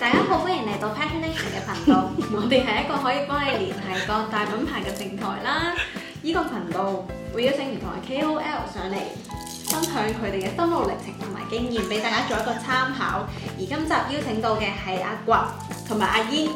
大家好，歡迎嚟到 Passionation 嘅頻道。 我哋係一個可以幫你聯繫各大品牌嘅平台啦。呢 個頻道會邀請唔同嘅 KOL 上嚟，分享佢哋嘅登錄歷程同埋經驗，俾大家做一個參考。而今集邀請到嘅係阿掘同埋阿 In。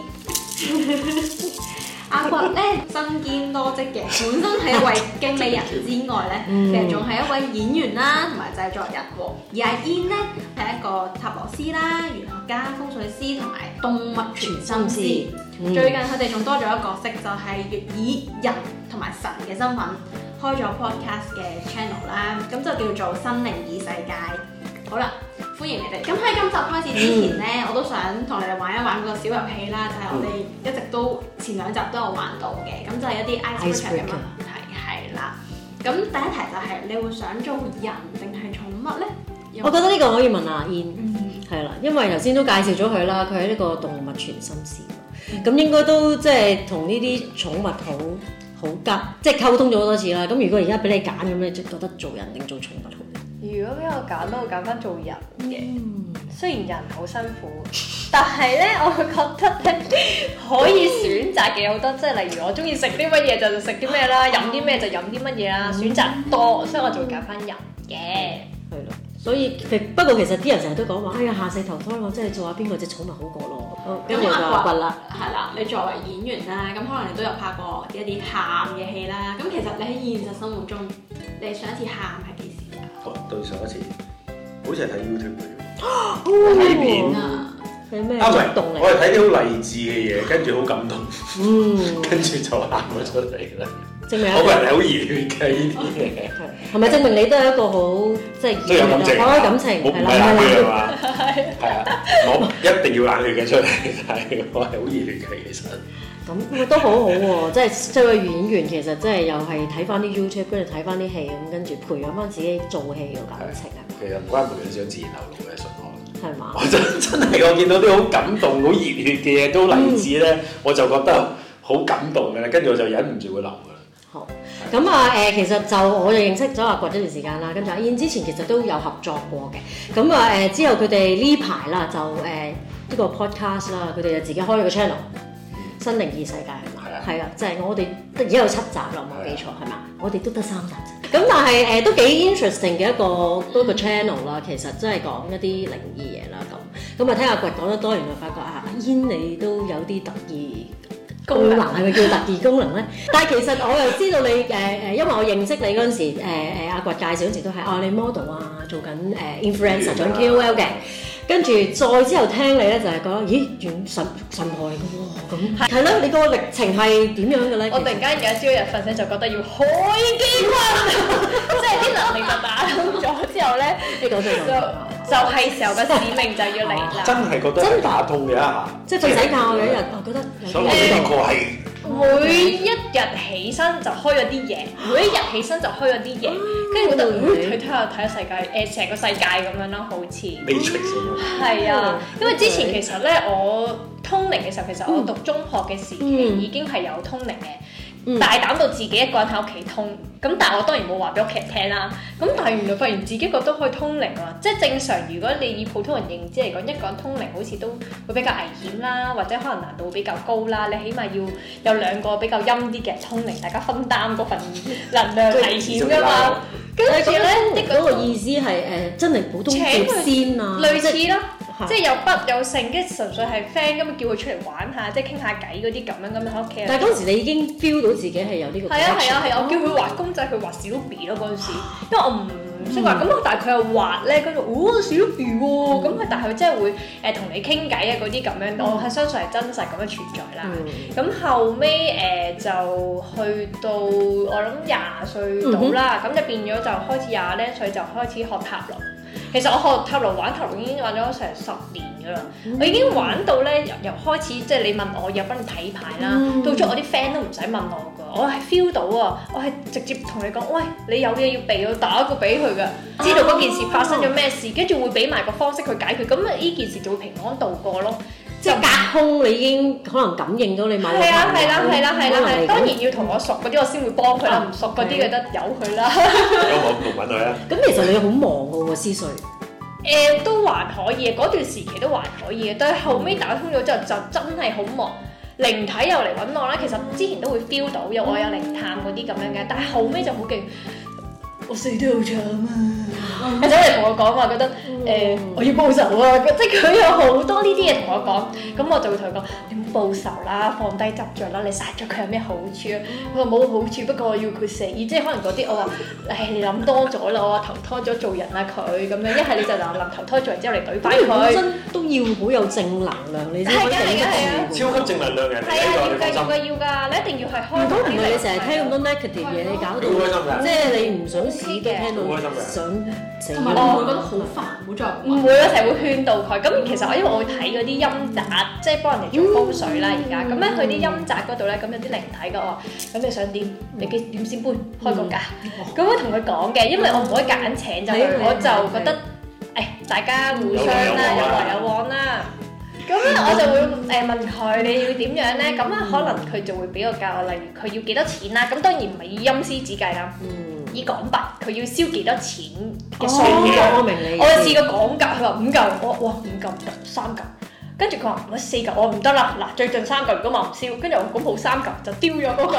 阿掘咧身兼多職嘅，本身係一位經理人之外咧， 嗯、其實仲係一位演員啦同埋製作人，啊。而阿 In 咧係一個塔羅師啦、玄學家、風水師同埋動物傳心師。 嗯、最近佢哋仲多咗一個角色，就係以人同埋神嘅身份，開咗 podcast 嘅 channel 啦，咁就叫做《新靈異世界》。好啦。歡迎你哋。咁喺今集開始之前咧，嗯、我都想同你哋玩一玩嗰個小遊戲啦。就係、是、我哋一直都前兩集都有玩到嘅，咁、嗯、就係一啲 icebreaker 嘅問題。係啦。咁第一題就係、是、你會想做人定係寵物咧？有有我覺得呢個可以問阿 In。係、嗯、哼啦，因為頭先都介紹咗佢啦，佢係一個動物傳心師。咁、嗯、哼應該都即係同呢啲寵物好好夾，即、就、係、是、溝通咗好多次啦。咁如果而家俾你揀咁，你即覺得做人定做寵物好？如果俾我揀，都會揀翻做人嘅。嗯、雖然人好辛苦，但係咧，我覺得咧可以選擇嘅好多。即係、嗯、例如我中意食啲乜嘢就食啲咩啦，飲啲咩就飲啲乜嘢啦，嗯、選擇多，所以我就會揀翻人嘅。係咯、嗯，所以不過其實啲人成日都講話，哎呀下世投胎，我真係做下邊個隻寵物好過咯。咁、呃、啊，動物啦，係啦，你作為演員啦，咁可能你都有拍過一啲喊嘅戲啦。咁其實你喺現實生活中，你上一次喊係幾？對上一次，好似係睇 YouTube 嚟睇片啊，睇咩？啊唔係，我係睇啲好勵志嘅嘢，跟住好感動，嗯、mm.，跟住就喊咗出嚟啦。證明 我個人係好熱血嘅呢啲嘢。啊。係咪證明你都係一個好即係？都有感情，冇唔係冷血係嘛？係啊，冇一定要冷血嘅出嚟，我係好熱血嘅其實。咁都好好喎，即係作為演員，其實即係又係睇翻啲 YouTube，跟住睇翻啲戲，咁跟住培養翻自己做戲嘅感情啊。其實唔關門亂想，自然流露嘅，純愛。係嘛？真真係我見到啲好感動、好熱血嘅嘢，都勵志咧，我就覺得好感動嘅啦，跟住我就忍唔住會流。咁啊，誒、呃、其實就我就認識咗阿掘一段時間啦，跟住阿 In 之前其實都有合作過嘅。咁啊，誒、呃、之後佢哋呢排啦，就誒呢、呃這個 podcast 啦，佢哋就自己開咗個 channel《新靈異世界》係嘛？係啊的，就係、是、我哋而家有七集啦，我冇記錯係嘛的？我哋都得三集。咁 但係誒、呃、都幾 interesting 嘅一個多個 channel 啦，其實真係講一啲靈異嘢啦咁。咁啊，聽阿掘講得多，原來發覺啊 In 你都有啲得意功能啊，係咪特異功能咧？但係其實我又知道你誒誒，因為我認識你嗰陣時，誒誒阿掘介紹嗰陣時都係，哦你 model 啊，做緊誒 influencer，做緊 KOL 嘅。跟住再之後聽你咧，就係覺得，咦，轉神神婆嚟嘅喎。咁係係啦，你個歷程係點樣嘅咧？我突然間而家朝一日瞓醒就覺得要開機啊，即係啲能力就打通咗之後咧。你講先啦。就係時候個使命就要嚟啦！真係覺得真打痛嘅一下，的吧即係唔使教我一日，對我覺得。所以呢個係每一日起身就開咗啲嘢，啊、每一日起身就開咗啲嘢，跟住、啊嗯、我就去睇下睇下世界，誒成個世界咁樣咯，好似。未出先。啊，嗯、因為之前其實咧，我通靈嘅時候，其實我讀中學嘅時期已經係有通靈嘅。大膽到自己一個人喺屋企通，咁但係我當然冇話俾屋企人聽啦。咁但係原來發現自己覺得可以通靈啊！即係正常，如果你以普通人認知嚟講，一個人通靈好似都會比較危險啦，或者可能難度會比較高啦。你起碼要有兩個比較陰啲嘅通靈，大家分擔嗰份能量危險㗎嘛。跟住咧，嗰、嗯、個意思係誒，真係普通請仙啊，類似咯。嗯是即係有筆有性，即係純粹係 friend 咁啊！叫佢出嚟玩下，即係傾下偈嗰啲咁樣咁喺屋企。但係當時你已經 feel 到自己係有呢個 connection 係啊係啊，啊，啊、哦、我叫佢畫公仔，佢畫小 B 咯嗰陣時，因為我唔識畫咁、哦嗯、但係佢又畫咧，佢就哦小 B 喎，咁啊但係佢真係會誒同你傾偈啊嗰啲咁樣，我係相信係真實咁嘅存在啦。咁、嗯、後尾，誒、呃、就去到我諗廿歲度啦，咁、嗯、哼就變咗就開始廿零歲就開始學塔啦。其實我學塔羅玩塔羅已經玩咗成十年噶啦，嗯、我已經玩到咧由由開始即係、就是、你問我入翻睇牌啦，嗯、到咗我啲 friend 都唔使問我噶，我係 feel 到啊，我係直接同你講，喂，你有嘢要避，我打個俾佢噶，知道嗰件事發生咗咩事，跟住會俾埋個方式去解決，咁啊呢件事就會平安度過咯。即係隔空，你已經可能感應到你買咗啦。係啦係啦係啦係啦，啊啊啊啊啊、當然要同我熟嗰啲，我先會幫佢啦。唔熟嗰啲，覺得由佢啦。有冇同揾佢啊？咁其實你好忙嘅喎，思瑞。誒、呃，都還可以，嗰段時期都還可以嘅。但係後尾打通咗之後，就真係好忙。嗯、靈體又嚟揾我啦。其實之前都會 feel 到有我有靈探嗰啲咁樣嘅，嗯、但係後尾就好勁。嗯、我死得好慘啊！或者、嗯嗯、你同我講話，覺得。誒，我要報仇啊！即係佢有好多呢啲嘢同我講，咁我就會同佢講：你冇報仇啦，放低執着啦！你殺咗佢有咩好處啊？佢話冇好處，不過我要佢死。即係可能嗰啲我話：你諗多咗啦！我話投胎咗做人啊！佢咁樣一係你就嗱臨投胎做人之後嚟懟返佢。本身都要好有正能量，你知唔知？超級正能量嘅。係啊，要㗎，要㗎，要㗎！你一定要係開心嘅。唔係你成日聽咁多 negative 嘢，搞到即係你唔想死嘅，聽到想死。同埋會覺得好煩。唔會成日會勸導佢。咁其實我因為我會睇嗰啲陰宅，即係幫人哋做風水啦。而家咁咧，去啲陰宅嗰度咧，咁有啲靈體嘅喎。咁你想點？你幾點先搬？開個價。咁我同佢講嘅，因為我唔可以夾硬請就，我就覺得誒，大家互相啦，有來有往啦。咁咧，我就會誒問佢你要點樣咧？咁啊，可能佢就會俾個價。例如佢要幾多錢啦？咁當然唔係以陰師指計啦。以港幣，佢要燒幾多錢嘅數量？我試過講價，佢話五嚿，我話哇，五嚿唔得，三嚿。跟住佢話，我四嚿，我唔得啦！嗱，最近三嚿，如果冇唔燒，跟住我咁冇三嚿就丟咗嗰個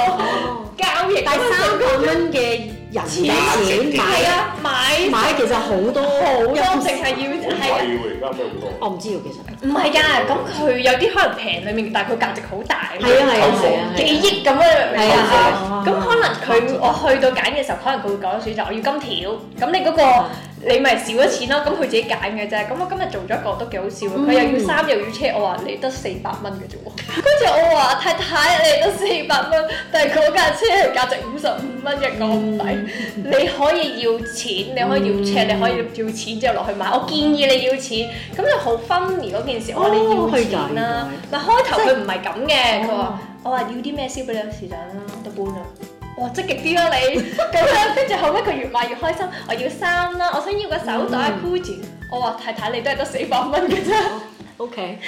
交易，第三個蚊嘅。錢買啊買買，其實好多好多淨係要係啊！而家我唔知喎，其實唔係㗎，咁佢有啲可能平裡面，但係佢價值好大，係啊係啊幾億咁嘅樣啊！咁可能佢我去到揀嘅時候，可能佢會講選擇，我要金條。咁你嗰個？你咪少咗錢咯，咁佢自己揀嘅啫。咁我今日做咗一個都幾好笑，佢又要衫又要車，我話你得四百蚊嘅啫喎。跟住 我話 太太，你得四百蚊，但係嗰架車係價值五十五蚊一個，唔抵。你可以要錢，你可以要車，你可以要錢之後落去買。我建議你要錢、啊，咁就好 funny 嗰件事，我哋要錢啦。咪開頭佢唔係咁嘅，佢話我話要啲咩燒俾你有時間啦，得搬得？哇積極啲啦、啊、你，咁樣，跟住後尾佢越賣越開心，我要衫啦、啊，我想要個手袋啊，gucci，、mm hmm. 我話太太你都係得四百蚊嘅啫，OK，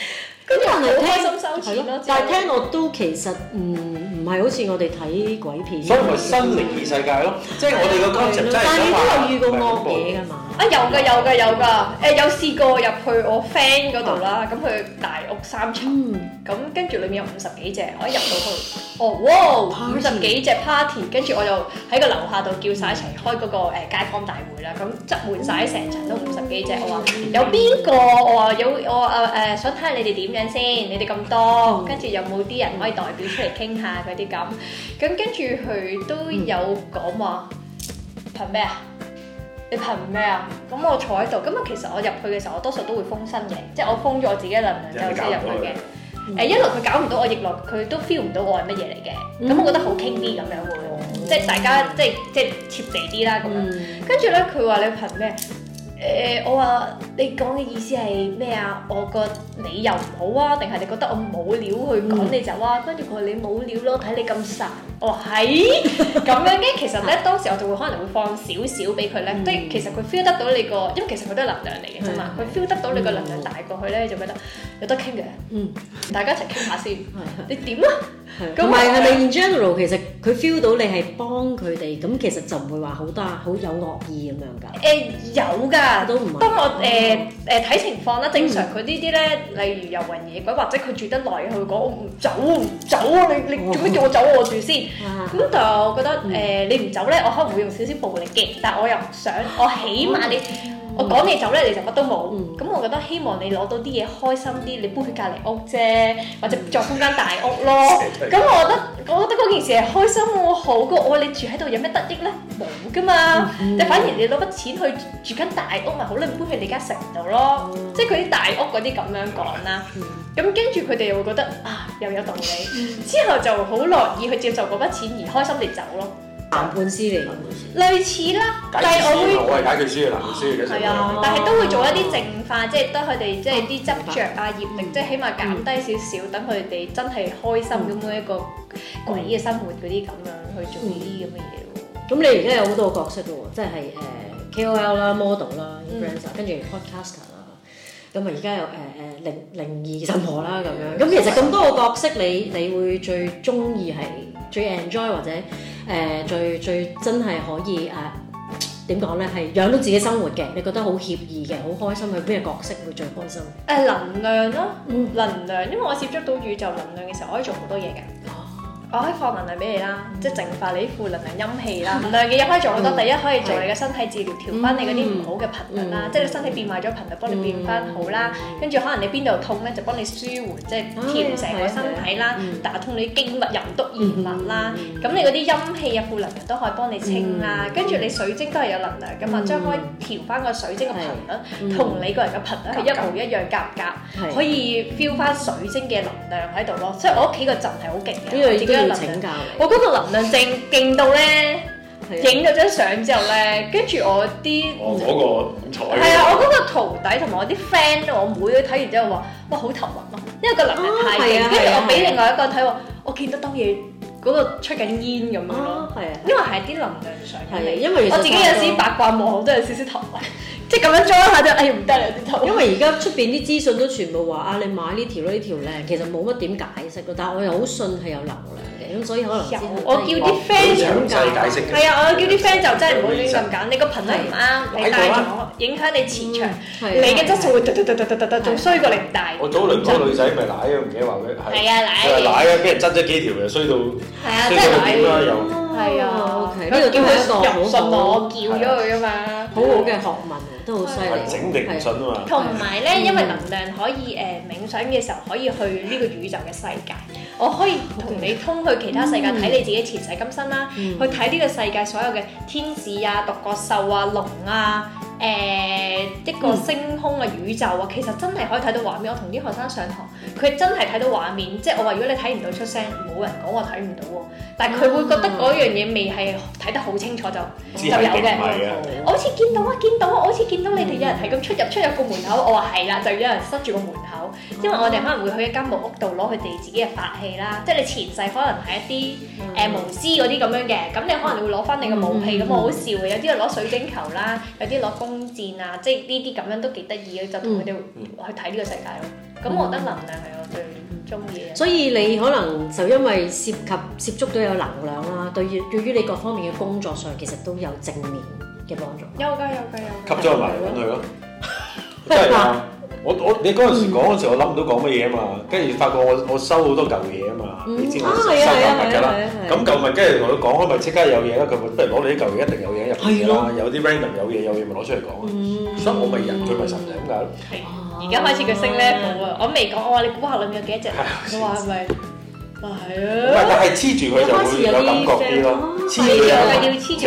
跟住人好開心收錢咯、啊，但係聽落都其實唔唔係好似我哋睇鬼片，所以係新理二世界咯，即係我哋個 concept 真係新發唔係恐怖。啊有㗎有㗎有㗎，誒、呃、有試過入去我 friend 嗰度啦，咁佢大屋三層，咁、嗯、跟住裏面有五十幾隻，我一入到去， 哦哇五十幾隻 party，跟住我就喺個樓下度叫晒一齊開嗰、那個、呃、街坊大會啦，咁執滿晒，成層都五十幾隻，我話有邊個我話有我誒誒、呃呃呃、想睇下你哋點樣先，你哋咁多，跟住有冇啲人可以代表出嚟傾下嗰啲咁，咁跟住佢都有講話憑咩啊？你憑咩啊？咁我坐喺度，咁啊其實我入去嘅時候，我多數都會封身嘅，即係我封咗我自己嘅能量之後先入去嘅。誒、嗯、一路佢搞唔到我，亦落，佢都 feel 唔到我係乜嘢嚟嘅。咁、嗯嗯、我覺得好傾啲咁樣嘅即係大家即係即係貼地啲啦咁樣。跟住咧，佢話你憑咩？誒、呃、我話你講嘅意思係咩啊？我個理由唔好啊，定係你覺得我冇料去趕你走啊？跟住佢話你冇料咯，睇你咁實。我話係咁樣嘅，其實咧，當時我就會可能會放少少俾佢咧，即係、嗯、其實佢 feel 得到你個，因為其實佢都係能量嚟嘅啫嘛，佢 feel 得到你個能量大過去咧，就覺得有得傾嘅。嗯， 大家一齊傾下先， 你點啊？唔係，係咪 in general 其實佢 feel 到你係幫佢哋，咁其實就唔會話好多，好有惡意咁樣㗎？誒、嗯呃、有㗎，嗯、都當我誒誒睇情況啦。正常佢呢啲咧，例如遊魂野鬼或者佢住得耐，佢會講：我唔走，唔走啊！你你做咩叫我走我住先咁、哦啊、就我覺得誒、呃、你唔走咧，我可能會用少少暴力嘅，但我又唔想我起碼你。哦哦我趕你走咧，你就乜都冇。咁、嗯、我覺得希望你攞到啲嘢開心啲，你搬去隔離屋啫，或者作空間大屋咯。咁、嗯、我覺得，我覺得嗰件事係開心好過我你住喺度有咩得益呢？冇噶嘛，即、嗯、反而你攞筆錢去住間大屋咪好咯，唔搬去你間城度咯。嗯、即係佢啲大屋嗰啲咁樣講啦。咁跟住佢哋又會覺得啊，又有道理， 之後就好樂意去接受嗰筆錢而開心地走咯。談判師嚟，類似啦，但係我會，我係解決師嘅談判師，係啊，但係都會做一啲淨化，即係得佢哋即係啲執著啊、業力，即係起碼減低少少，等佢哋真係開心咁樣一個鬼嘅生活嗰啲咁樣去做呢啲咁嘅嘢咯。咁你而家有好多個角色嘅喎，即係誒 KOL 啦、model 啦、blogger，跟住 podcaster 啦，咁啊而家有誒誒靈靈異神婆啦咁樣。咁其實咁多個角色，你你會最中意係？最 enjoy 或者誒、呃、最最真係可以誒點講咧？係、呃、養到自己生活嘅，你覺得好愜意嘅，好開心去邊個角色會最開心？誒、呃、能量咯，能量，因為我接觸到宇宙能量嘅時候，我可以做好多嘢嘅。我可以放能量俾你啦，即係淨化你啲負能量陰氣啦。唔同嘅嘢可以做好多，第一可以做你嘅身體治療，調翻你嗰啲唔好嘅頻率啦。即係你身體變壞咗頻率，幫你變翻好啦。跟住可能你邊度痛咧，就幫你舒緩，即係調成個身體啦，打通你啲經脈、任督二脈啦。咁你嗰啲陰氣啊、負能量都可以幫你清啦。跟住你水晶都係有能量噶嘛，將開調翻個水晶嘅頻率，同你個人嘅頻率係一模一樣，夾唔夾？可以 feel 翻水晶嘅能量喺度咯。所以我屋企個陣係好勁嘅。因為點樣？請教，我嗰個能量勁勁到咧，影咗張相之後咧，跟住我啲，我嗰個彩，係啊，我嗰徒弟同埋我啲 friend、我妹都睇完之後話：哇，好頭暈啊，因為個能量太勁。跟住、啊、我俾另外一個睇，啊、我見到兜嘢，嗰個出緊煙咁咯。係啊，因為係啲能量相。係因為我自己有少少八卦，望都有少少頭暈。即係咁樣裝下就，哎唔得啦啲頭。 因為而家出面啲資訊都全部話啊，你買呢條，條呢條咧，其實冇乜點解釋。但係我又好信係有能量。咁所以可能我叫啲 friend 就係啊，我叫啲 friend 就真係唔好亂咁揀，你個頻率唔啱，你大咗影響你磁場，你嘅質素會突突突仲衰過你唔大。我早輪嗰個女仔咪奶啊，唔記得話咩？係啊，奶啊，俾人執咗幾條又衰到，啊，衰到奶啊？又係啊，OK。呢度叫佢信我，叫咗佢啊嘛。好好嘅學問都好犀利。整定唔信啊嘛。同埋咧，因為能量可以誒冥想嘅時候可以去呢個宇宙嘅世界。我可以同你通去其他世界睇你自己前世今生啦，嗯、去睇呢個世界所有嘅天使啊、獨角獸啊、龍啊、誒、呃、一個星空嘅、啊、宇宙啊，其實真係可以睇到畫面。我同啲學生上堂，佢真係睇到畫面，即、就、係、是、我話如果你睇唔到出聲，冇人講話睇唔到喎，但係佢會覺得嗰樣嘢未係睇得好清楚就、嗯、就有嘅。啊、我好似見到啊，見到啊，我好似見到你哋有人係咁出入、嗯、出入個門口，我話係啦，就有人塞住個門口，因為我哋可能會去一間木屋度攞佢哋自己嘅法啦， 即係你前世可能係一啲誒巫師嗰啲咁樣嘅，咁你可能會你會攞翻你個武器，咁，我好笑嘅。有啲攞水晶球啦，有啲攞弓箭啊，即係呢啲咁樣都幾得意嘅，就同佢哋去睇呢個世界咯。咁、嗯、 我覺得能量係我最中意嘅。所以你可能就因為涉及涉足到有能量啦，對於於對於你各方面嘅工作上其實都有正面嘅幫助。有㗎有㗎有。有吸咗埋揾佢咯。得啦。 我你我你嗰陣時講嗰時，我諗唔到講乜嘢啊嘛，跟住發覺我我收好多舊嘢啊嘛，你知你收我收舊物㗎啦。咁舊物跟住同佢講，咪即刻有嘢啦。佢物不如攞你啲舊嘢，一定有嘢入邊啦。」有啲 random 有嘢有嘢，咪攞出嚟講。所以我咪人佢咪神嘅咁解咯。而家、就是、開始佢升咧，冇啊！我未講，我話你估吓裡面有幾多隻？你話係咪？咪係啊，唔係，但係黐住佢就會有感覺啲咯。黐住啊，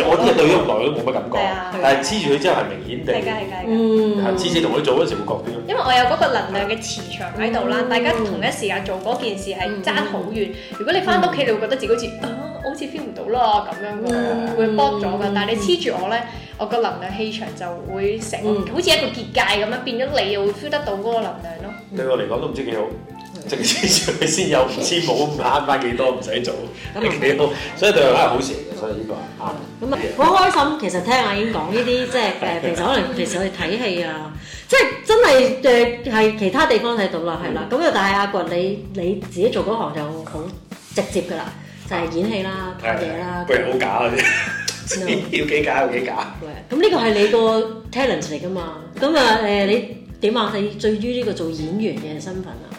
我而家對於我嚟講冇乜感覺，但係黐住佢真係明顯地。係嘅，係嘅。黐住同佢做嗰陣時會覺啲因為我有嗰個能量嘅磁場喺度啦，大家同一時間做嗰件事係爭好遠。如果你翻到屋企度覺得自己好似好似 feel 唔到咯咁樣嘅，會 block 咗嘅。但係你黐住我咧，我個能量氣場就會成，好似一個結界咁樣，變咗你又會 feel 得到嗰個能量咯。對我嚟講都唔知幾好。直接佢先有，唔知冇慳翻幾多，唔使做咁幾多，所以對佢係好事嘅。所以呢個啊，咁啊好開心。其實聽阿 In 講呢啲，即係誒、呃，其實可能其實我哋睇戲啊，即係真係誒，係其他地方睇到啦，係啦。咁啊，但係阿掘你你自己做嗰行就好直接㗎啦，就係、是、演戲啦，講嘢啦。佢係好假嘅啫，要幾假就幾假。咁呢 個係你個 talents 嚟㗎嘛？咁啊誒，你點啊、呃？你對於呢個做演員嘅身份啊？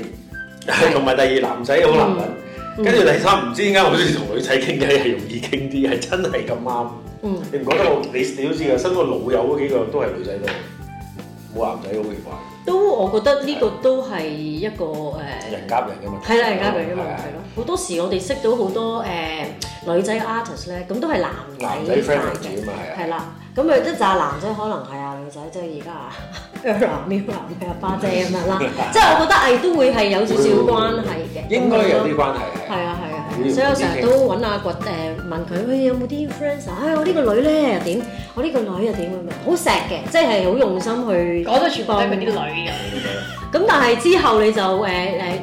係同埋第二，男仔好難搵，嗯嗯，跟住第三，唔知點解我鍾意同女仔傾偈係容易傾啲，係真係咁啱。嗯，你唔覺得我，你你都知㗎，身個老友嗰幾個都係女仔多，冇男仔好奇怪。都我覺得呢個都係一個誒，人夾人嘅問題，係啦，人夾人嘅問題，係咯。好多時我哋識到好多誒女仔 artist 咧，咁都係男仔 fans 嘛，係啦。咁啊，即係就係男仔可能係啊，女仔即係而家啊，喵苗林啊，花姐咁樣啦。即係我覺得誒都會係有少少關係嘅，應該有啲關係係。係啊，係。所以我成日都揾阿掘誒，問佢，喂，有冇啲 friends 啊？哎，我呢個女咧又點？我呢個女又點？咁樣？好錫嘅，即係好用心去。講咗全部俾啲女人咁樣。咁但係之後你就誒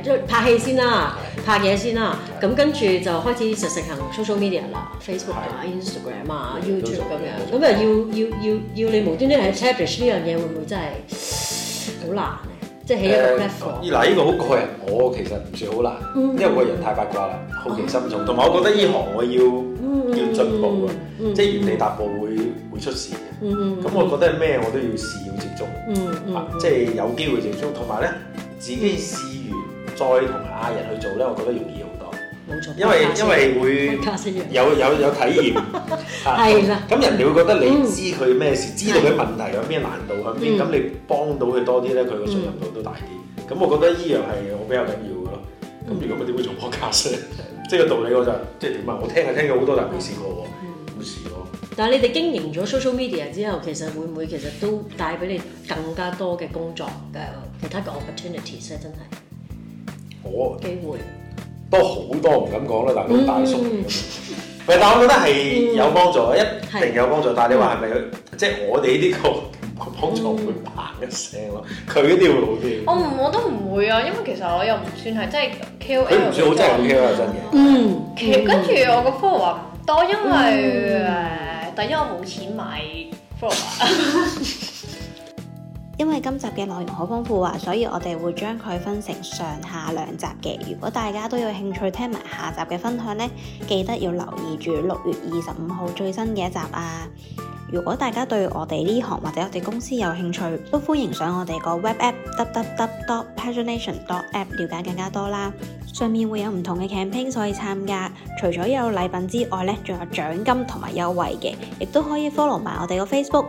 誒拍戲先啦，拍嘢先啦。咁跟住就開始實實行 social media 啦，Facebook 啊、Instagram 啊、YouTube 咁樣。咁啊要要要要你無端端係 establish 呢樣嘢，會唔會真係好難？即係起一嗱，依個好個人，我其實唔算好難，因為我個人太八卦啦，好奇心重，同埋我覺得呢行我要要進步啊，即係原地踏步會會出事嘅。咁我覺得係咩我都要試要接觸，即係有機會接觸，同埋咧自己試完再同亞人去做咧，我覺得容易好多。因為因為會有有有體驗，係咁人哋會覺得你知佢咩事，知道佢問題有咩難度，有咩咁你幫到佢多啲咧，佢嘅信任度都大啲。咁我覺得依樣係我比較緊要嘅咯。咁如果唔係點會做 podcast 咧？即係個道理我就即係點啊！我聽係聽咗好多，但係未試過喎，冇試過。但係你哋經營咗 social media 之後，其實會唔會其實都帶俾你更加多嘅工作嘅其他嘅 opportunities 真係我機會。都好多唔敢講啦，但係大叔，喂，但我覺得係有幫助，一定有幫助。但係你話係咪，即係我哋呢個幫助會啪一聲咯，佢嗰啲會好啲。我我都唔會啊，因為其實我又唔算係真係 KOL。佢唔算好真係 KOL 啊，真嘅。嗯，跟住我個 follower 唔多，因為誒，第一我冇錢買 follower。因為今集嘅內容好豐富啊，所以我哋會將佢分成上下兩集嘅。如果大家都有興趣聽埋下集嘅分享呢，記得要留意住六月二十五號最新嘅一集啊！如果大家對我哋呢行或者我哋公司有興趣，都歡迎上我哋個 web app www.passionation.app 瞭解更加多啦。上面會有唔同嘅 campaign 可以參加，除咗有禮品之外呢，仲有獎金同埋優惠嘅，亦都可以 follow 埋我哋個 Facebook。